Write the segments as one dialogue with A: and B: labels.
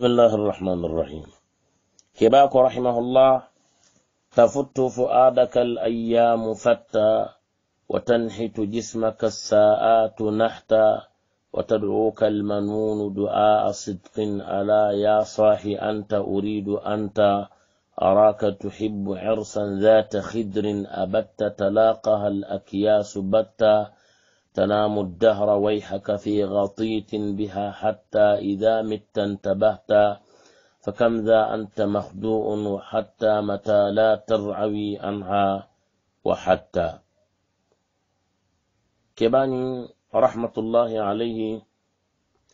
A: بسم الله الرحمن الرحيم كباك رحمه الله تفت فؤادك الأيام فتى وتنحت جسمك الساءات نحتا وتدعوك المنون دعاء صدق ألا يا صاحي أنت أريد أنت أراك تحب عرسا ذات خدر أبت تلاقها الأكياس بتا تنام الدهر ويحك في غطيت بها حتى إذا مت انتبهت فكم ذا أنت مخدوء وحتى متى لا ترعوي عنها وحتى كباني رحمة الله عليه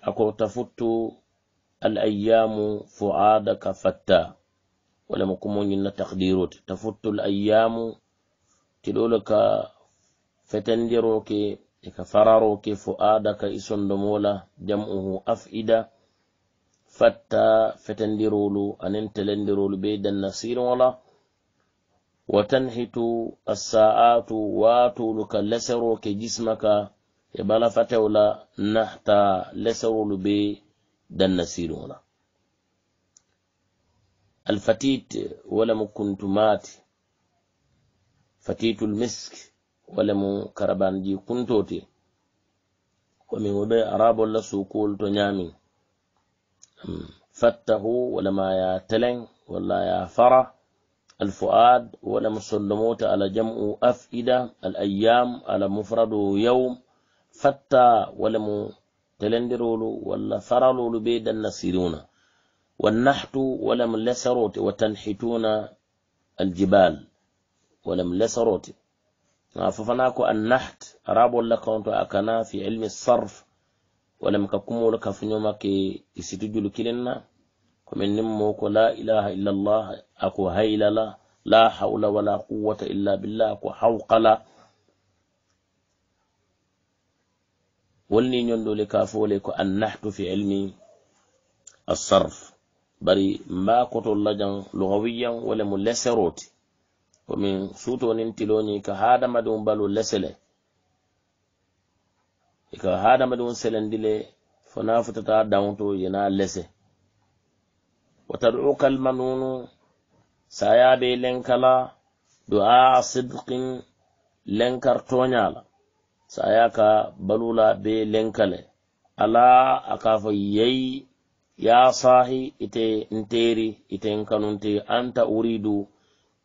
A: أكو تفت الأيام فؤادك فتا ولم يكن من تقديرات تفت الأيام تلولك فتندروك كفرارو كيف آدك إسون دمولا جمعه أفئدة فتا فتندرولو أنين تلندرولو بيد النصير ولا وتنحتو الساعات واتو لك لسرو كجسمك يبالا فتولا نحتا لسرولو بيد النصير ولا الفتيت ولم كنت مات فتيت المسك wala mu karabanji kuntote komin wo ɓe arabol la sukuwol to ñamin fattahu walama ya telen walla ya fara alfu'ad wala musolomota ala jam'u af'ida al ayyam ala mufradu yawm fatta wala mu telendirolu walla faralolu be danna siruna والنحت ولم لسروت وتنحتون الجبال ولم لسروت nga fofana ko annaht arabol la kawonto a kana fi ilmi sarf walam ka kumolu kafuñoma ke isitu julu na komin nin mo ko la ilaha illallah ako haylala la hawla wala quwwata illa billah ako hawqala wolni ñondole kafole ko annahtu fi ilmi sarf bari mba kotol lajan lugawiyan wala mu leseroti komin sutonin tiloñi ka hadamadiŋ balu lesele ika e hadamadiŋ selendi le fona futata daŋto yena lese watadu kalmanunu saya be lenkala du'a sidikin lenkar toñala saya ka balula be lenkale ala a ka fo yei ya sahi ite nteri ite nkanunti anta uridu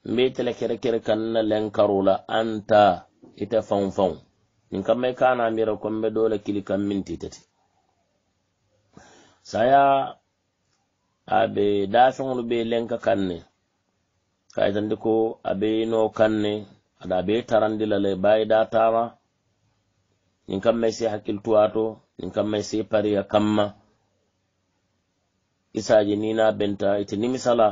A: mbetele kerekere kanna lenkarula anta ite faw faw min kamma kana mira kombe dole kili kam min titati saya abe dafeŋolu be lenka kanne kaitandi ko abe no kanne ada be tarandi lale bayi da tara nin kamma si hakkiltuwato nin kamma si pariya kamma isaji nina benta ite nimisala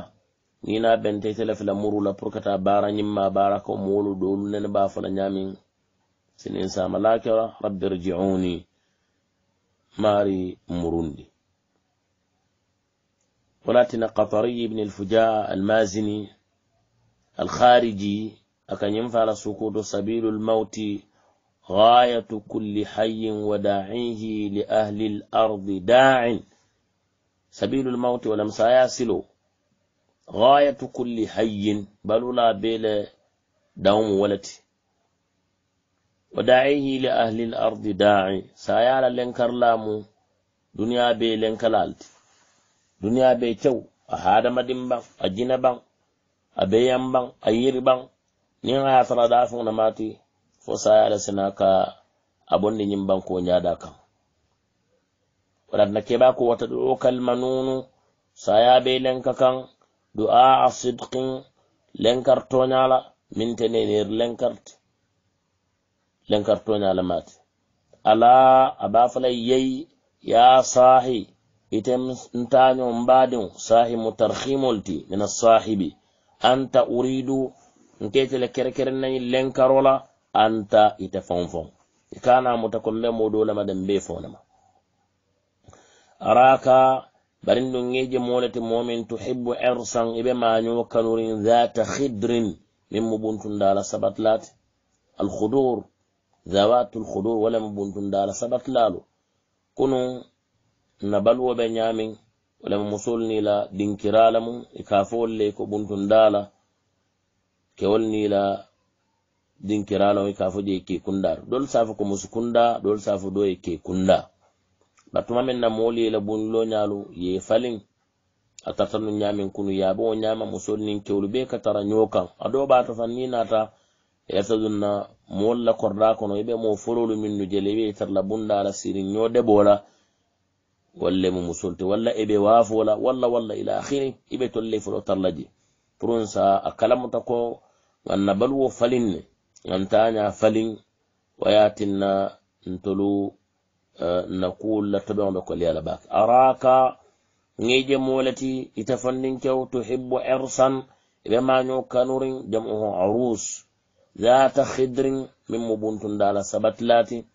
A: nina bente tele fila muru la pour kata bara nyimma bara ko molu dolu nen ba fala nyamin sinin sa malaka rabbi rji'uni mari murundi ولاتنا قطري بن الفجاء المازني الخارجي أكن ينفع سقوط سبيل الموت غاية كل حي وداعيه لأهل الأرض داع سبيل الموت ولم سيصلوا ghayatu kulli hayyin balula bele dawmu walati wa da'ihi li ahli al-ard da'i sayala lenkar lamu duniya be lenkalalti duniya be cew a hadama dimban a jinaban a beyan ban a yiri ban ni a yasara da afin na mati fo sayala sina ka abun da yin ban ko nya da kan wadanda ke ba ko wata dokal manunu saya be lenka kan du'a sidqin lenkar toñala mintenenir lenkart lenkar toñala mati ala aba fala yeyi ya sahi item ntaño mbadin sahi mutarhimolti min asahibi anta uridu nketele kerekere nay lenkarola anta ite fonfon ikana mutakombe modolamaden be fonama araka barin ɗum ŋeje molete momin tuhibbu ersan iɓe manyo kanurin zata khidrin min dala sabat lat al khudur zawatul khudur wala dala sabat lalu kunu nabalwo ɓe nyamin wala mo musolnila dinkirala ikafol e kafowol le ko buntundala kewol nila dinkirala e kafo je ke kundar dol safu ko musu kunda dol safu do e ke kunda batuma men na moolu ye la bonulo ñaalu ye falin a tarta nu ñamin kunu yaabe wo ñama musolu nin kewlu be ka tara ño kan ado bata tan ni nata yasadun na moolu la korda kono i be mo fololu min nu jele ibe tara la bunda la sirin ño debo la walle mu musolte walla ebe waafo la walla walla ila akhiri ibe tolle folo tara la je purun sa a kalamuta ko ŋan na baluwo falin ne ŋan taña falin wayatin na ntolu نقول لتبعهم بكل يا باك أراك نيجي مولتي يتفنن كو تحب عرسا بما نو نور جمعه عروس ذات خدر من مبنتن دالا سبتلاتي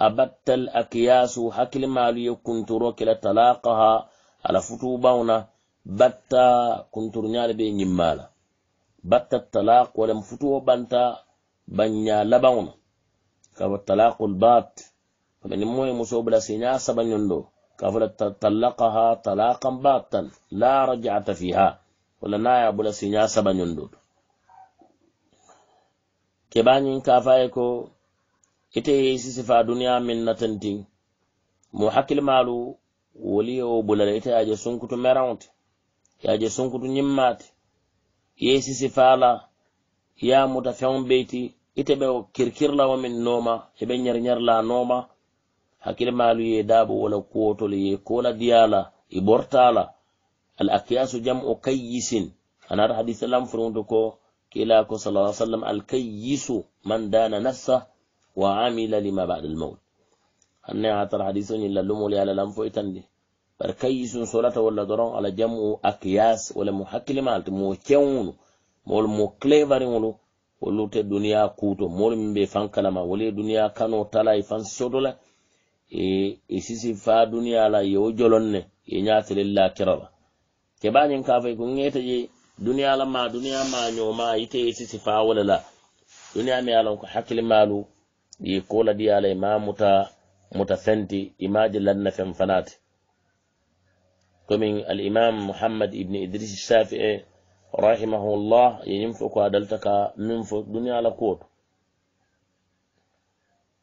A: أبت الأكياس حكل مالي كنت روكل تلاقها على فتوبونا بتا كنت رنال بي نمالا بتا التلاق ولم فتو بنتا بنيا لبونا كما التلاق البات abani moye muso bula sinya sabanyon do kafala talaqaha talaqan batan la raj'ata fiha wala naya bula sinya sabanyon do ke banyin kafaye ko ite sisifa duniya min natantin mu hakil malu o bulala ite yaje sunkutu merawte yaje sunkutu nyimmate ye sisifala ya muta fewon beyti ite ɓe kirkirlawo min nooma eɓe la noma. hakkilemaalu ye daabo wala kuwotole ye kola diyala i e bortala al akyasu jam o kayyisin anata hadis lam furunto ko kila ko sala a sallam al kayyisu man dana nafsa wa amila lima bada lmaut hanne atara hadise ñilla lumol yala lam fo itandi bar kayyisun solata walla doron ala jam o akyas walla mo hakkilemaalte mo cewunu mowol mo clevariŋolu wolu te duniya kuuto moolu min be fankalama wolu ye duniya kano talay e fan sodola i sisi fa duniya la yewo jolon ne i ñatele lakirala kebañin ka fay ko ŋeta je duniya la ma duniya ma ñoma ite i sisi fa wole la duniya mi alon ko hakkile malu ye kola diya la ma muta muta fenti imaje lanna fen fanate komin alimam muhammad ibni idris shafi'i rahimahullah ye ñin fo ko adalta ka min fo duniya la kuwoto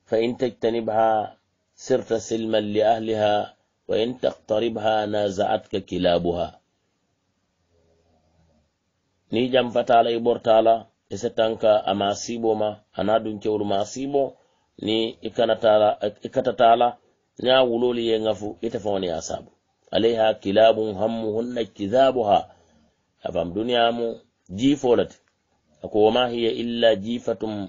A: fa in tectanibha سرت سلما لأهلها وإن تقتربها نازعتك كلابها ني جام فتالا يبور تالا أما سيبو ما أنا دون كور ما سيبو ني إكانا تالا إكانا تالا نا ولولي ينغفو إتفوني أصابو عليها كلاب همهن كذابها أفهم دنيا مو جيفولت أكو ما هي إلا جيفة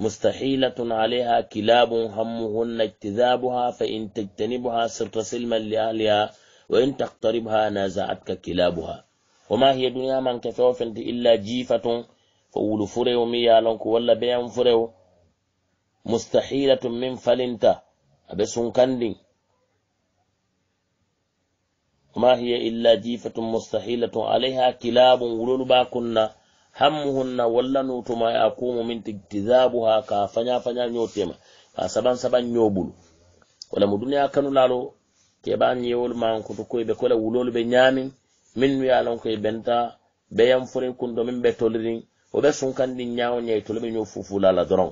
A: مستحيلة عليها كلاب همهن اجتذابها فإن تجتنبها صرت سلما لأهلها وإن تقتربها نازعتك كلابها وما هي دنيا من كثوفنت إلا جيفة فولو فريو لنك ولا بيان فريو مستحيلة من فلنت أبسون كندي ما هي إلا جيفة مستحيلة عليها كلاب ولول باكنا hammuhunna wallanutuma yakumu min tiktizabuha ka fanya fanya nyotema ka saban saban nyobulu kola mu duniya kanu lalo keɓa yewol mankoto koyɓe kola wulolu ɓe ñamin min nu yalon koye benta ɓe yamfurin kundo min ɓe tolirin oɓe sunkandi ñawo ñayi tolo ɓe ño fufulala doron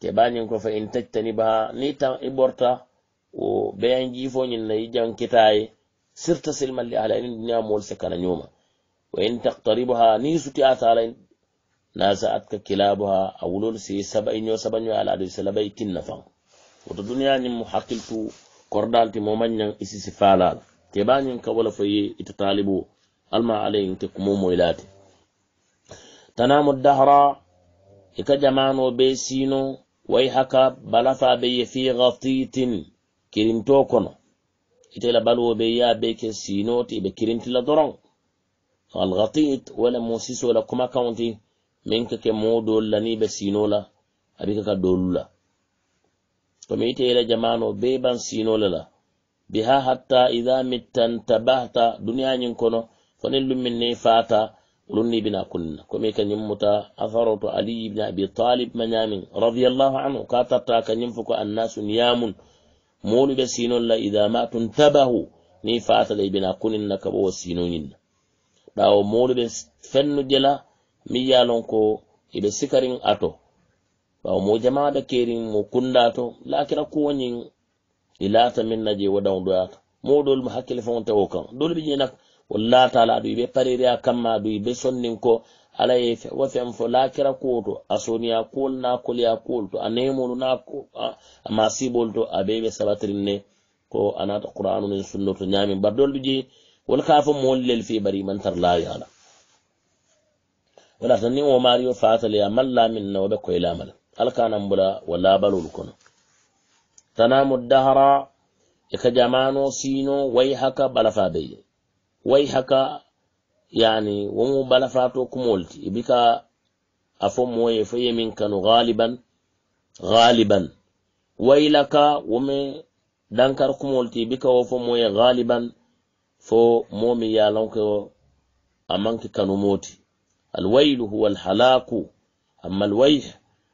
A: keɓa ñin ko fa in tectani baha ni tan i ɓorta o ɓeyan jifo ñin nayi jankitaye sirta silmalli ala inin duniya mool se kana ñuma وإن تقتربها نيسك آثارين نازعتك كلابها أولون سي سبعين يو سبعين يو على دي سلبي كنفا وتدنيا نمو حقلتو كوردال تي مومن إسي سفالال كبان كولا في إتطالبو alma alayin ke kuma moilati tanamu dahra ika jamano be sino wai haka balafa be ye fi ghatitin kirinto kono ite la balwo ya doron فالغطيت ولا موسيس ولا كما كونتي منك كمودول لني بسينولا أبيك كدولولا كميتي إلى جمانو بيبان سينولا بها حتى إذا متن تبهت دنيا ينكونو فنلو مني فاتا لني بنا كنا كميكا نموتا أثرت علي بن أبي طالب من يامن رضي الله عنه كاتتاك نمفك الناس نيامن مولي بسينولا إذا ما تنتبهوا ني لي بنا كنن كبو سينونين ɗawo moɗuɗe fennu jela miyyalon ko iɗe sikarin ato ɓawo mo jamaɗa kerin mo kunda to lakira kowoñin ɗi e lata minna je waɗan ɗoyata moɗol mo hakkille fon tawo kan ɗolɓe jenak o latala aɗu ɓe parire a kamma aɗu ɓe sonnin ko ala e fewa fen fo lakira ko to a soniya kool na koliya kool to a nemolu na a masibol to aɓeɓe sabatirin ne ko anata qur'anu nin sunno to ñamin bar ɗolɓe jeyi wani kafin mu wani lalfe bari mantar layu ala wala ta nemo mariyo fatali a man lamin na wabe kwai lamal alkanan bula wa labarul kuna ta namu dahara ika e jamano sino wai haka balafa wai haka yani wani balafa to kuma wulti ibika e a fon mu waye fayye min kano galiban galiban wai dankar kuma wulti ibika e wa fon mu waye galiban fo momi yalonke a manki kanumoti alwailu huwa alhalaku amma alwaih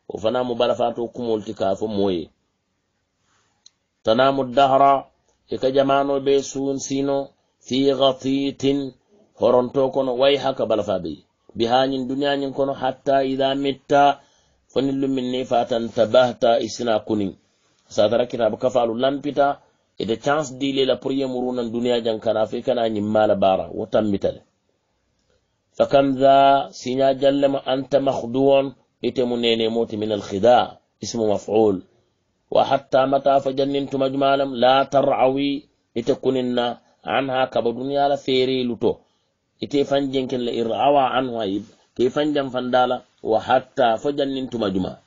A: o fanamu barafato kumolti kafo moye tanamu dahra e ka jamano be sun sino fi gatitin horonto kono way haka balafa be bi hañin duniyañin kono hatta ida mitta fonillu min ni fatan tabahta isina kuni satara kitabu kafalu lampita ida chance di dile la pour dunia duniya jankana fe kana ñimmala bara wo tammitale fakam dha siña jallema anta mahduwon ite munene moti min khida ismu maful wa hatta mata fa jannintum ajmalam la tarawi ite kuninna anha kaba duniya la feri luto ite fan jenken la irawa anha ke fan jam fandala wa hatta fa jannintum ajmalam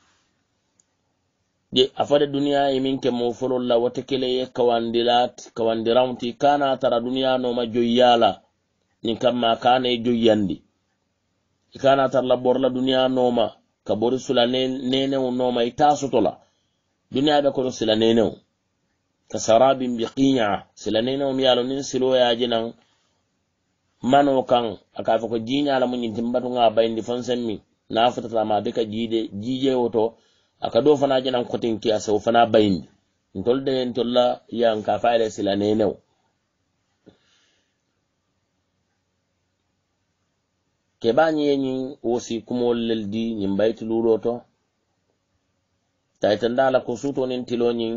A: ɗi a fade duniya e min ke mofolol la wote keleye kawandirat kawandiranti kana tara duniya noma joyyala nin kamma kana e joyyandi e kana tarla borla duniya noma ka bori sula nenew noma i e tasotola duniya ɓe koto sila nenew ka sarabin bi qiya sila nenew mi yalo nin siloyaji nan mano kan aka fe ko jiñalamu ñintin batunga bayndi fonsenmi na fotatama be ka jiide jiijewoto aka do fana jana kotin ki sau fana bayindi ntol de ntol la yan ka faale sila ne new ke ba nyi yin wosi kuma wallal di nyin bayti lulo to taitan dala ko suto nin tilo nyin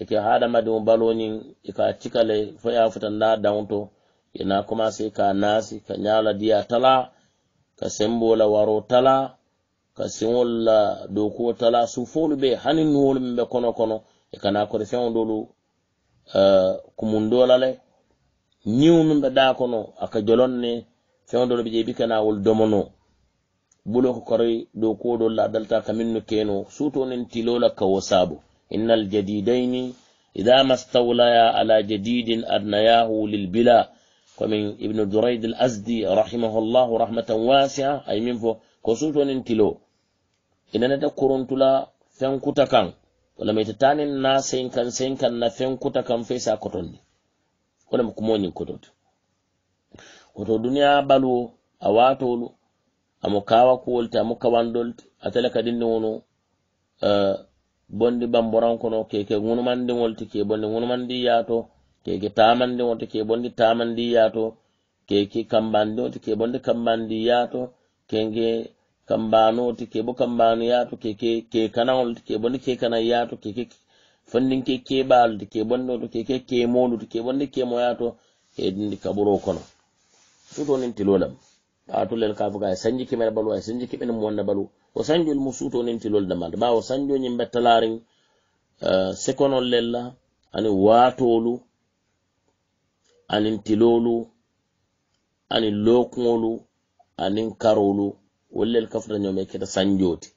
A: e hada madin balo nyin cikale e fo ya fitan da daunto ina e kuma sai ka nasi ka nyala diya tala ka sembola waro tala ka wala la tala tala sufoolu be hanin nuwolu be kono kono i kana kori feŋo dolu uh, kumundo la le niŋo min be daa kono a ka jolon ne feŋo dolu be je i bi kana wolu domono bulo ko kori dokuwo dolu la a dalta kamin minnu keno suto nin tilo la kawo saabu inna aljadidaini ida mastawlaya ala jadidin adnayahu lilbila komin ibnu duraid al asdi rahimahullahu rahmatan wasia ay min fo ko suto nin tilo inanata korontula fenkuta kan walamaitatani na senkan senkan na fenkuta kan fesa kotondi walama kumoñin kototi woto duniya baluwo a watolu amo kawa kuwolti amo kawandolti atele kadinni wunu uh, eh, bondi bamborankono keke ŋunumandiŋolti ke bondi ŋunumandi yato keke tamandiŋolti ke bondi tamandi yato keke kambandiŋolti ke bondi kambandi yato kenge kambano ti kebo kambano yato keke ke kanawol ti kebo ni ke kana yato keke fandin ke ke bal ti kebo ndo to keke ke modu ti kebo ni ke mo yato e dindi kaburo kono tuto nin tilolam atulel kafu ka sanji kimel balu ay sanji kiben mo wanda balu o sanji mu suto nin tilol damal ba o sanjo nyimbe talarin eh, sekonol lella ani watolu ani tilolu ani lokolu ani karolu wollel kafata ñome keta sanjoti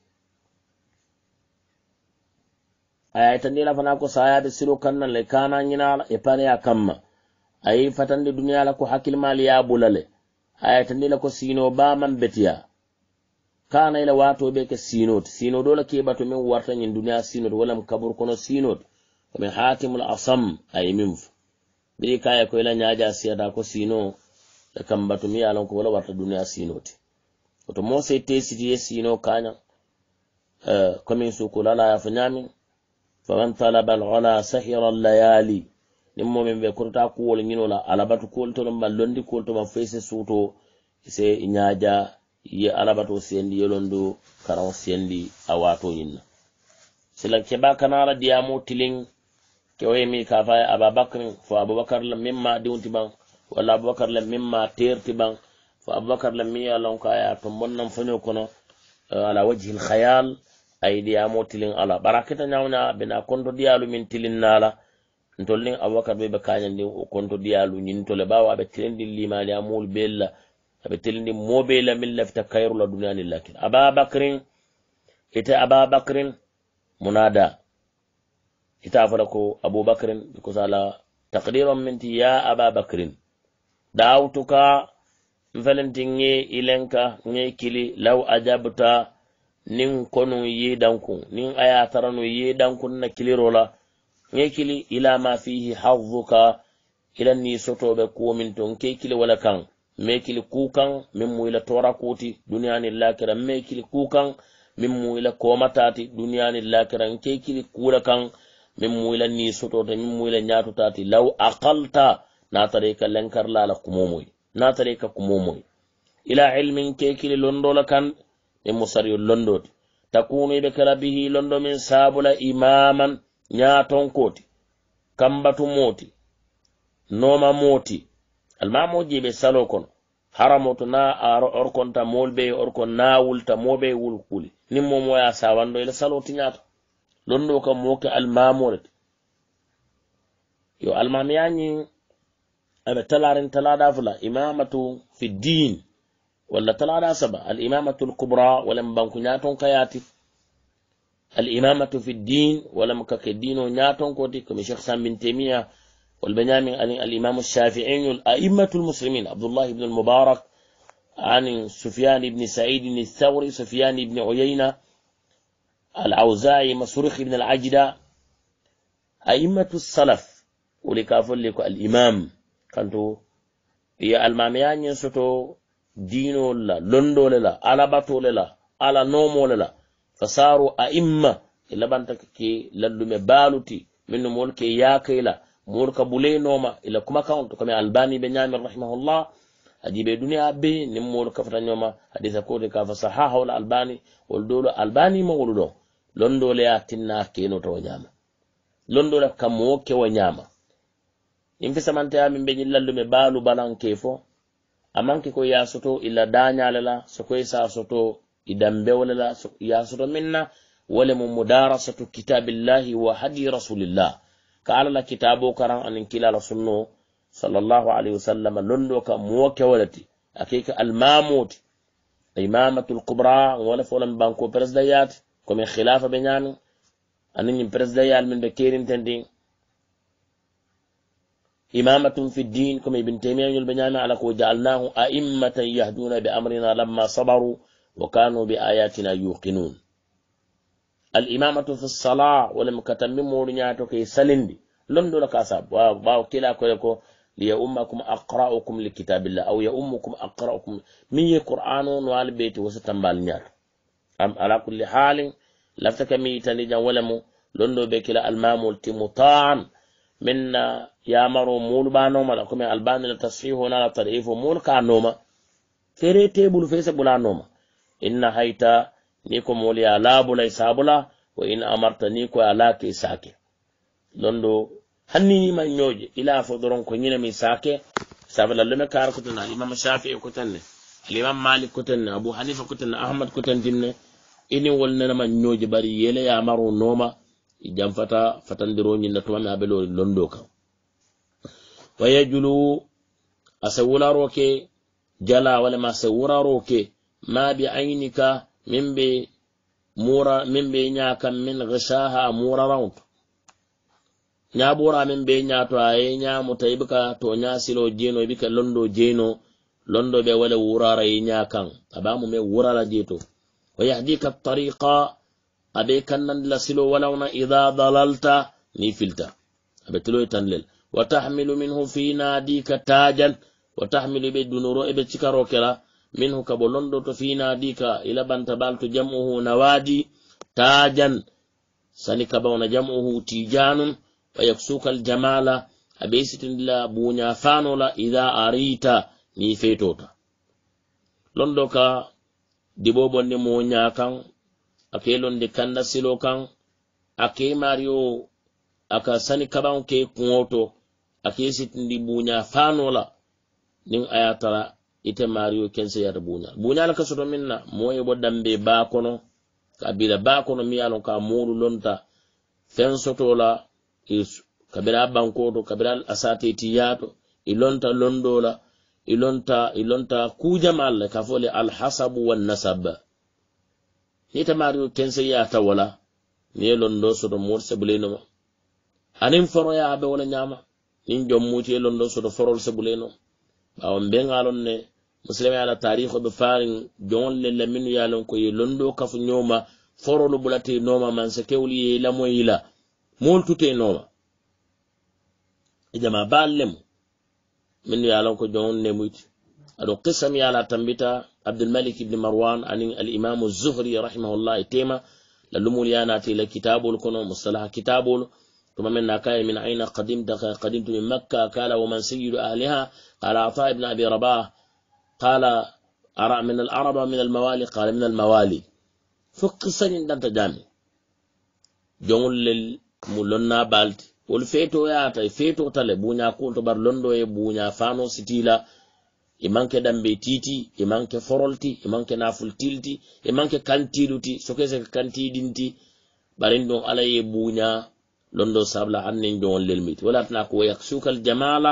A: aya nila fana ko sayade siro kannan le kana ñinala e paneya kamma ayi fatande duniya la ko mali ya bulale aya nila ko sino baman betiya kana ila be ke sinoti sino dola batu min warta yin duniya sinot walam kabur kono sinot komin hatimul asam ayi min fo biri kaya ko ila ñaja da ko sino e kambato mi yalon ko wala warta duniya sinoti woto mo se te sitiye sino kaña eh, komin sukulala ya fo ñamin faman talaba alghala sahira layali nin momin ɓe kotota kuwol ñinola alabatu kuwol to ɗum ma londi kuwol to ma suto sai suuto se ñaaja ye alabato sendi yolondu karan sendi a wato yin na. silan keɓa kanala diyamo tilin kewaye mi kafa kafaye ababacrin fa abubakar la mimma diwnti ban wala abubakar la mimma terti ban Fa Abubakar lammi ya lon eh, ya tambon nan foño kuna ala a yi ayi mo tilin ala bara kita bina kondo konto diyalu min tilin nala ntol nin aboubacar ɓe ɓe kañandin o konto diyalu ñintole ɓawa aɓe tilindin limani amolu bella din mo bela min lafita kayrula duniyani lakir ababacrin ite ababacrin munada ita fara ko aboubacrin Kusa ala taqdiron minti ya Da autuka nfelenti ilenka ŋe kili law ajabta nin kono ye dankun nin a ya taranu ye dankun na kili la ŋe kili ila ma fihi hazuka ila ni ko min to nke kili wala kan me kili kukan min mu ila tora kuti duniyani lakira me kili kukan min mu ila komatati duniyani lakira nke kili kula kan min mu ila ni sotota min mu ila tati law aqalta tare ka lenkarla la kumomoy natare ka kumomoy ila ilmin kekili londola kan e musaryo londoti takunu ibe kala bihi londo min sabula imaman nyaton koti kambatu moti noma moti almamoji be salo kono haramoto na aro orkonta molbe orkon na wulta mobe wul kuli nin momo ya sawando ila salo ti nyato londo ka moke almamore yo almamiyani أبا تلارن تلادا فلا إمامة في الدين ولا تلادا سبا الإمامة الكبرى ولم بانكو كياتي الإمامة في الدين ولم كك الدين ناتون كوتي كم شيخ سام بن تيمية والبنيامين الإمام الشافعي الأئمة المسلمين عبد الله بن المبارك عن سفيان بن سعيد الثوري سفيان بن عيينة العوزاعي مصرخ بن العجدة أئمة السلف ولكافل لك الإمام kanto ya almamiyañin soto dinol la londole la alabatole la ala nomole la fasaru a imma e labanta ke lallume baluti min no mol ke yakayla mol ka bule noma ila e kuma kan to kame albani be nyami rahimahullah aji be duniya be nim mol ka fata nyoma hadisa ko de ka fa sahaha wal albani wal dolo albani ma wuludo londole ya tinna ke no to nyama londole kam mo ke wa nyama yimfi samantaya min be ñillallume baalu balanke fo amanke ko yasoto ila dañale la sokoye sa soto i dambewole la yasoto minna wole mo mudarasatu kitabillahi wa hadi rasulillah ka ala la kitabo karan anin kilala sunno sallallahu alaihi wasallam londo ka mo kewolati akeka almamoti imamatul kubra wala folan banko presida yaati komin khilafa be ñaani anin ñin presida yaal min be kerinten إمامة في الدين كما ابن تيمية البنيان على جعلناه أئمة يهدون بأمرنا لما صبروا وكانوا بآياتنا يوقنون الإمامة في الصلاة ولم كتمموا رنياتك سلندي لندو لك أصاب وباو كلا كلكو ليا أمكم أقرأكم لكتاب الله أو يا أمكم أقرأكم من القرآن والبيت وستنبال نيار أم على كل حال لفتك ميتا لجا ولمو لندو بكلا المامو التمطان minna maro mulu ba noma la kuma albani la tasfihu na la tarifu mulu ka noma fere tebulu fese bula noma inna haita ni ko mulu ya labula isabula wa in amarta ni ko ya lake sake londo hanni ni man yoje ila fo doron ko nyina mi sake sabala lume kar ko tana imam shafi'i ko tan ne imam malik ko tanne abu hanifa ko tanne ahmad ko tanne dinne ini wolnana man yoje bari yele ya maro noma i janfata fatandiro ñinna tumame a ɓelo londo kan wayajulu a sewularo ke jala walema sewuraro ke ma bi aynika min ɓe mura min ɓe ñakan min gesaha murarawto ñaɓura min ɓe ñato aye ñamuta ibka to ñasilo jeno ibika londo jeno londo ɓe wale wurara i ñakan aɓamume wurara jeto wayahdika tariqa abe kannan la silo walawna idha dalalta ni filta abe tilo tan wa tahmilu minhu fi nadika tajan wa tahmilu be dunuro ebe cikaro kela minhu kabo londo to fi nadika ila banta baltu jam'uhu nawadi tajan sani kabawna jam'uhu tijanun wa yaksuka aljamala abe la bunya fanola idha arita ni fetota londo ka dibobon ni mo nyakan ake londi kanna silo kan ake mario aka sani kaban ke kunwoto ake sitindi bunya fanola nin ayatara ite mario kense yada bunya bunya alaka sodo minna moye bo dambe bakono kabila bakono miyalo ka muru lonta fen sotola kabira bankoto kabira asate tiyato ilonta londola ilonta ilonta kujama alla kafole alhasabu wan nasaba ni tamari kense ya ta wala ni londo so do morse buleno anin foro ya be wala nyama nin jom muti londo so do forol se buleno bawon be ngalon ne muslimi ala tarihu be farin jon le laminu ya lon ko ye londo kafu nyoma forolu bulati noma man se kewli ye lamo yila mol tute noma ijama ballem min ya lon ko jon ne muti ado qisam ya ala tambita عبد الملك بن مروان عن الإمام الزهري رحمه الله تيما للمول ياناتي لكتاب الكون مصطلح كتاب ثم من ناكاي من أين قدمت قدمت من مكة قال ومن سيد أهلها قال عطاء بن أبي رباه قال أرى من العرب من الموالي قال من الموالي فقصة دانت جامي جمل للمولنا بالت والفيتو يا تي فيتو تلبونا كنت كولتو يبونا فانو ستيلا imanke dambe titi imanke forolti imanke nafultilti imanke kantiɗuti sokeseke kantiɗinti barin don ala bunya buña londo sabla annen jowon lelmiti wala tana ko yaksukal jamala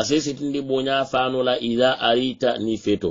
A: asesitindi bunya fanola ida arita ni feto.